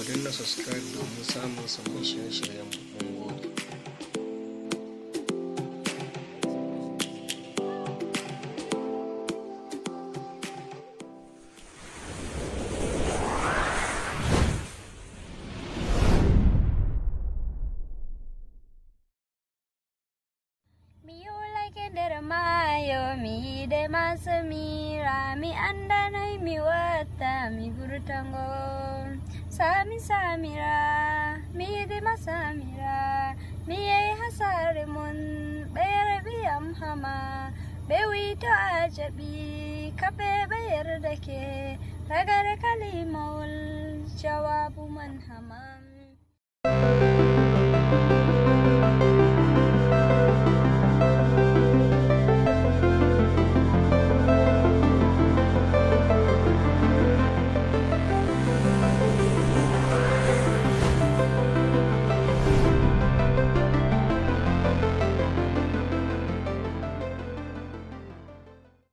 ku dinna subscribe domin samun sabbin shirye-shiryen mun gode mi de masamira mi andanai mi wata mi gurutango samira midi masamira miye hasare mun bayar biyan hama bewi ta ajabi kafe bayar da ke ragar kalimawul jawabu man hama